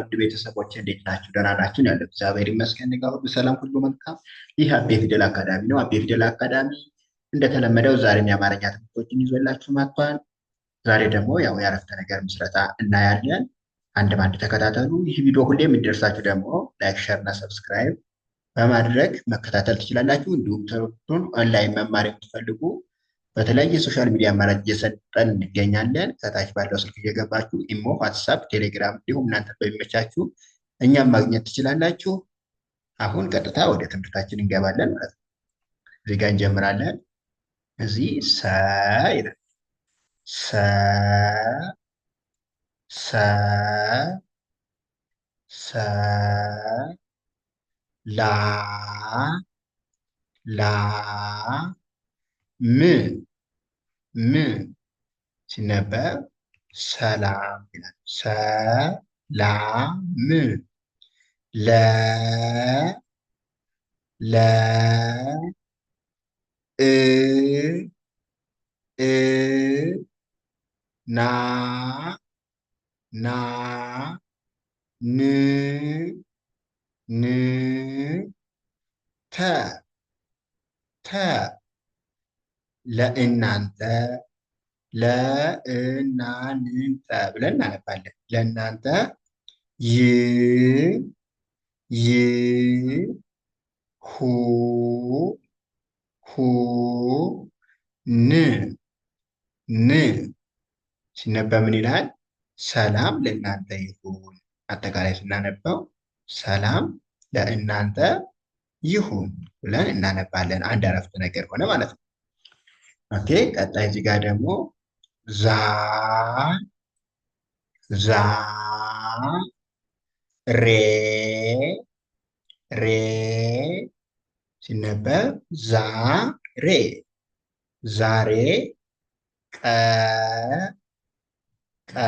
ውድ ቤተሰቦች እንዴት ናችሁ? ደህና ናችሁ? ያለ እግዚአብሔር ይመስገን ጋር ሁሉ ሰላም፣ ሁሉ መልካም። ይህ አቤ ፊደል አካዳሚ ነው። አቤ ፊደል አካዳሚ እንደተለመደው ዛሬም የአማርኛ ትምህርቶችን ይዞላችሁ መጥቷል። ዛሬ ደግሞ ያው የአረፍተ ነገር ምስረታ እናያለን። አንድ በአንድ ተከታተሉ። ይህ ቪዲዮ ሁሌ የሚደርሳችሁ ደግሞ ላይክ፣ ሸር እና ሰብስክራይብ በማድረግ መከታተል ትችላላችሁ። እንዲሁም ትምህርቱን ኦንላይን መማር የምትፈልጉ በተለያየ የሶሻል ሚዲያ አማራጭ እየሰጠን እንገኛለን። ከታች ባለው ስልክ እየገባችሁ ኢሞ፣ ዋትሳፕ፣ ቴሌግራም እንዲሁም እናንተ በሚመቻችሁ እኛም ማግኘት ትችላላችሁ። አሁን ቀጥታ ወደ ትምህርታችን እንገባለን ማለት ነው። እዚህ ጋር እንጀምራለን። እዚህ ሰ ይላል ሰ ሰ ሰ ላ ላ ም ም ሲነበብ ሰላም ይላል። ሰላም ለ ለ እ እ ና ና ን ን ተ ተ ለእናንተ ለእናንተ ብለን እናነባለን። ለእናንተ ይ ይ ሁ ሁ ን ን ሲነበ ምን ይላል? ሰላም ለእናንተ ይሁን። አጠቃላይ ስናነባው ሰላም ለእናንተ ይሁን ብለን እናነባለን። አንድ አረፍተ ነገር ሆነ ማለት ነው። ኦኬ ቀጣይ እዚህ ጋር ደግሞ ዛ ዛ ሬ ሬ ሲነበብ ዛ ሬ ዛሬ ቀ ቀ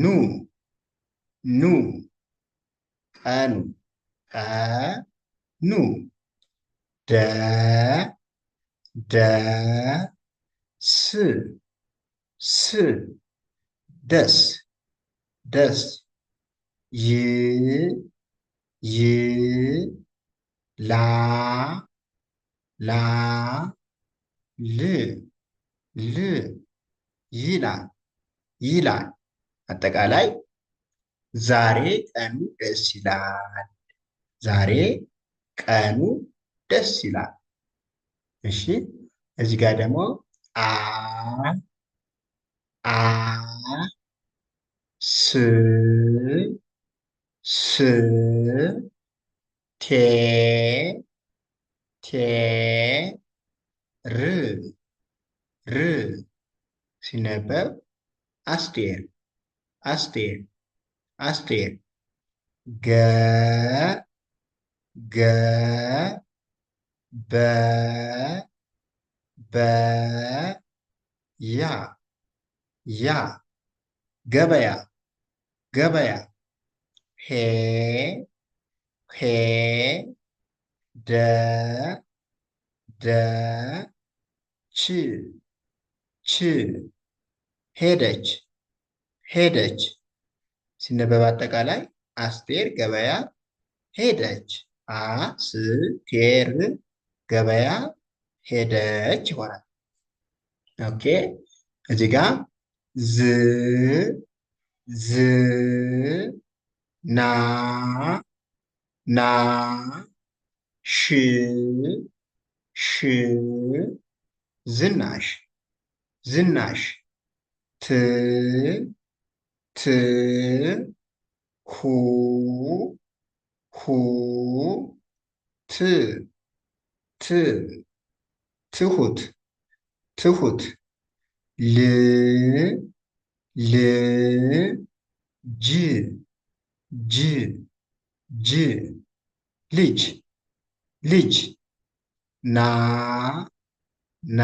ኑ ኑ ቀኑ ኑ ደ ደ ስ ስ ደስ ደስ ይ ይ ላ ላ ል ል ይላል ይላል አጠቃላይ ዛሬ ቀኑ ደስ ይላል። ዛሬ ቀኑ ደስ ይላል። እሺ እዚህ ጋር ደግሞ አ አ ስ ስ ቴ ቴ ር ር ሲነበብ አስቴር አስቴር አስቴር ገ ገ በ በ ያ ያ ገበያ ገበያ ሄ ሄ ደ ደ ች ች ሄደች ሄደች ሲነበብ አጠቃላይ አስቴር ገበያ ሄደች። አስቴር ገበያ ሄደች ይሆናል። ኦኬ እዚህ ጋ ዝ ዝ ና ና ሽ ሽ ዝናሽ ዝናሽ ት ት ሁ ሁ ት ት ትሁት ትሁት ል ል ጅ ጅ ጅ ልጅ ልጅ ና ና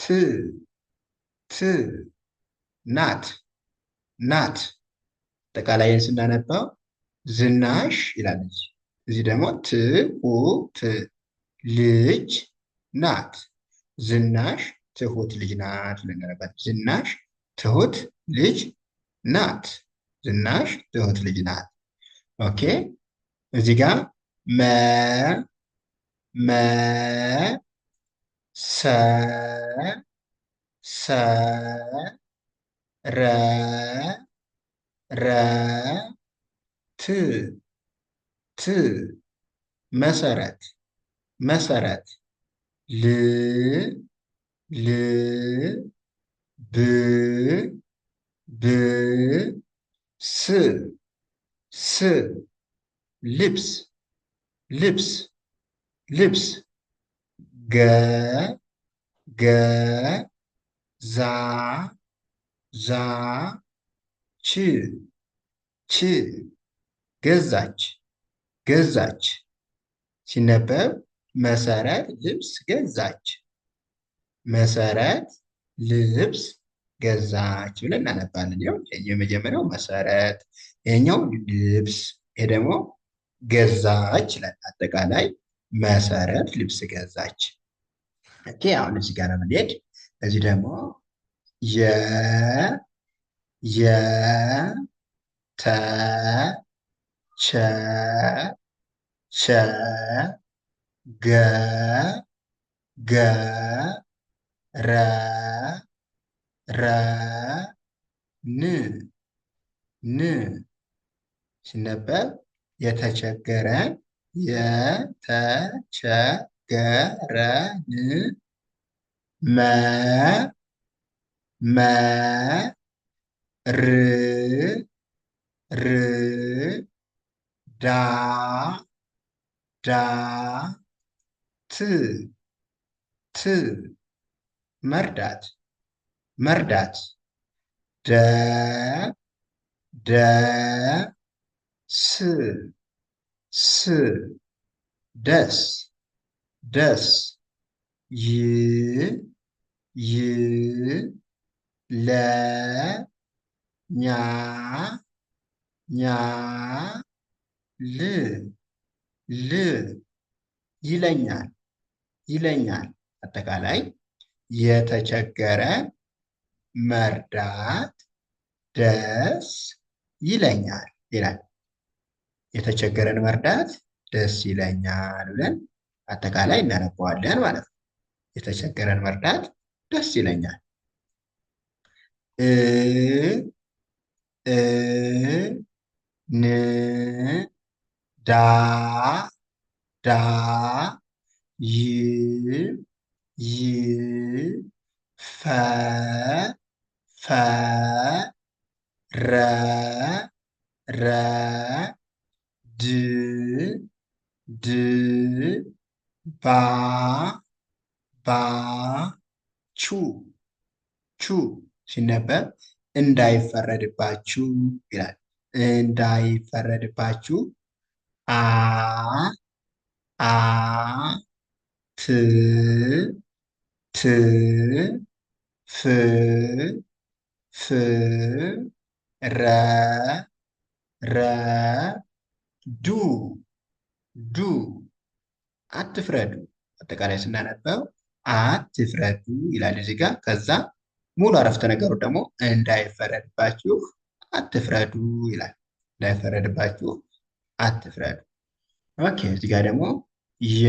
ት ት ናት ናት አጠቃላይን ስናነባው ዝናሽ ይላለች። እዚህ ደግሞ ት ኡ ት ልጅ ናት። ዝናሽ ትሁት ልጅ ናት ብለን ዝናሽ ትሁት ልጅ ናት። ዝናሽ ትሁት ልጅ ናት። ኦኬ እዚህ ጋር መ መ ሰ ሰ ረ ረ ት T. Mesaret. Mesaret. L. L. B. B. S. S. Lips. Lips. Lips. G. G. z, z, ç, ç, Gezaç. ገዛች ሲነበብ መሰረት ልብስ ገዛች መሰረት ልብስ ገዛች ብለን እናነባለን። ይኸው የመጀመሪያው መሰረት፣ ይሄኛው ልብስ፣ ይሄ ደግሞ ገዛች ይላል። አጠቃላይ መሰረት ልብስ ገዛች። ኦኬ አሁን እዚህ ጋር ብንሄድ እዚህ ደግሞ የ የ ተ ቸ ሸ ገ ገ ረ ረ ን ን ሲነበብ የተቸገረን የተቸገረን መ መ ር ር ዳ ዳ ት ት መርዳት መርዳት ደ ደ ስ ስ ደስ ደስ ይ ይ ለ ኛ ኛ ል ል ይለኛል ይለኛል አጠቃላይ የተቸገረ መርዳት ደስ ይለኛል ይላል። የተቸገረን መርዳት ደስ ይለኛል ብለን አጠቃላይ እናነበዋለን ማለት ነው። የተቸገረን መርዳት ደስ ይለኛል። እ እ ን ዳ ዳ ይ ይ ፈ ፈ ረ ረ ድ ድ ባ ባ ቹ ቹ ሲነበብ እንዳይፈረድባችሁ ይላል። እንዳይፈረድባችሁ አ አ ት ት ፍ ፍ ረ ረ ዱ ዱ አትፍረዱ። አጠቃላይ ስናነበው አትፍረዱ ይላል እዚህ ጋር። ከዛ ሙሉ አረፍተ ነገሩ ደግሞ እንዳይፈረድባችሁ አትፍረዱ ይላል። እንዳይፈረድባችሁ አትፍረድ። ኦኬ እዚህ ጋር ደግሞ የ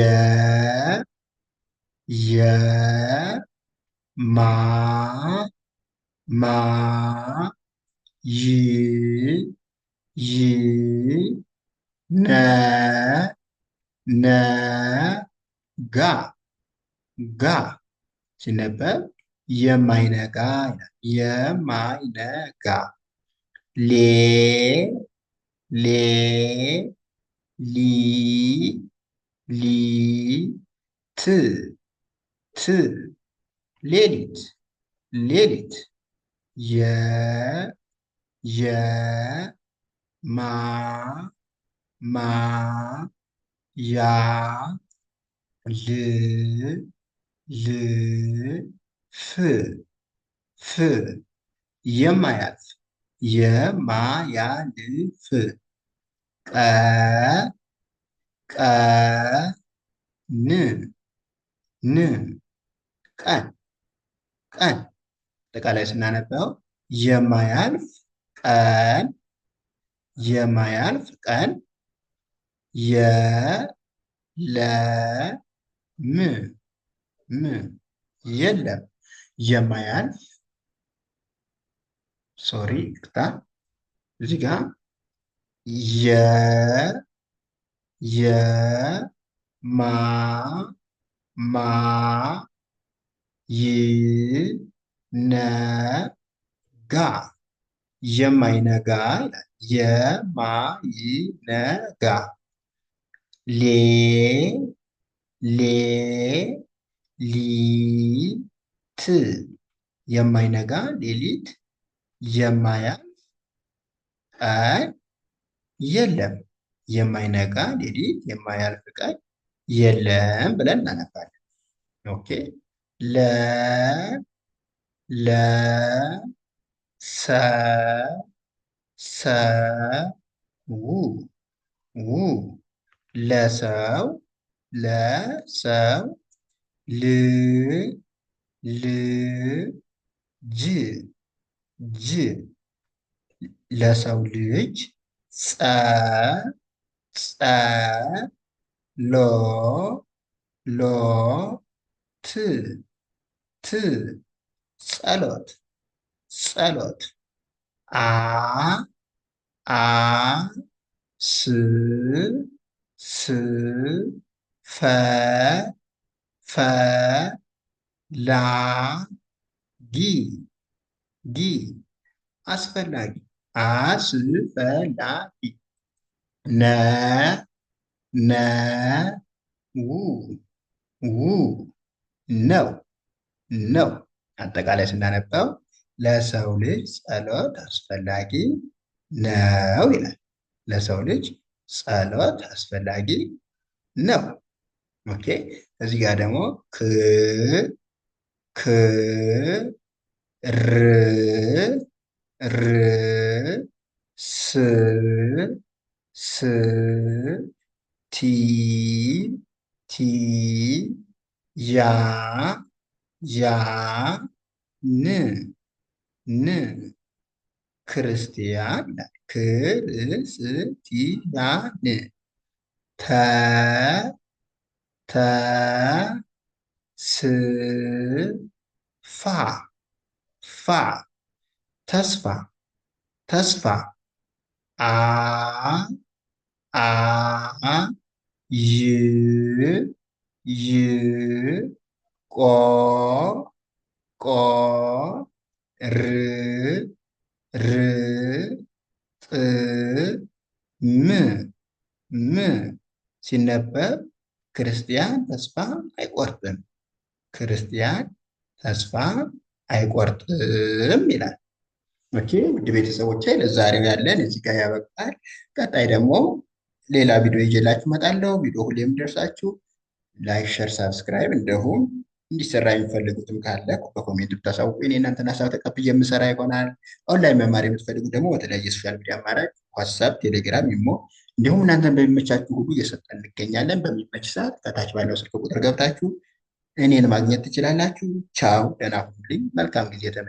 የ ማ ማ ይ ይ ነ ነ ጋ ጋ ሲነበብ የማይነጋ የማይነጋ ሌ ሌ ሊ ሊ ት ት ሌሊት ሌሊት የ የ ማ ማ ያ ል ል ፍ ፍ የማያልፍ የማያልፍ ቀ ቀ ን ን ቀን ቀን አጠቃላይ ስናነበው የማያልፍ ቀን የማያልፍ ቀን የለም ም የለም የማያልፍ ሶሪ ቅጣ እዚህ የ የ ማ ማ ይ ነ ጋ የማይነጋ የማይነጋ ሌ ሌ የማይነጋ ሌሊት የማያልፍ ቀን የለም። የማይነጋ ሌሊት የማያልፍ ቀን የለም ብለን እናነባለን። ኦኬ ለ ለ ሰ ሰ ው ው ለሰው ለሰው ል ል ጅ ጅ ለሰው ልጅ ጸ ጸ ሎ ሎ ት ት ጸሎት ጸሎት አ አ ስ ስ ፈ ፈ ላ ጊ ዲ አስፈላጊ አስፈላጊ ነ ነ ው ው ነው ነው አጠቃላይ ስናነበው ለሰው ልጅ ጸሎት አስፈላጊ ነው ይላል። ለሰው ልጅ ጸሎት አስፈላጊ ነው። ኦኬ እዚህ ጋር ደግሞ ክ ክ ር ር ስ ስ ቲ ቲ ያ ያ ን ን ክርስቲያን ክርስቲያን ተ ተ ስ ፋ ተስፋ ተስፋ አ አ ይ ይ ቆ ቆ ር ር ጥ ም ም ሲነበብ ክርስቲያን ተስፋ አይቆርጥም። ክርስቲያን ተስፋ አይቆርጥም ይላል። ኦኬ ውድ ቤተሰቦች ለዛሬው ያለን እዚህ ጋር ያበቃል። ቀጣይ ደግሞ ሌላ ቪዲዮ ይዤላችሁ እመጣለሁ። ቪዲዮ ሁሌ ደርሳችሁ ላይክ፣ ሸር፣ ሳብስክራይብ እንዲሁም እንዲሰራ የሚፈልጉትም ካለ በኮሜንት ብታሳውቁ እኔ እናንተን ሀሳብ ተቀብዬ የምሰራ ይሆናል። ኦንላይን መማር የምትፈልጉ ደግሞ በተለያየ ሶሻል ሚዲያ አማራጭ ዋትሳፕ፣ ቴሌግራም፣ ኢሞ እንዲሁም እናንተን በሚመቻችሁ ሁሉ እየሰጠን እንገኛለን። በሚመች ሰዓት ከታች ባለው ስልክ ቁጥር ገብታችሁ እኔን ማግኘት ትችላላችሁ። ቻው፣ ደህና ሁኑልኝ። መልካም ጊዜ ተመ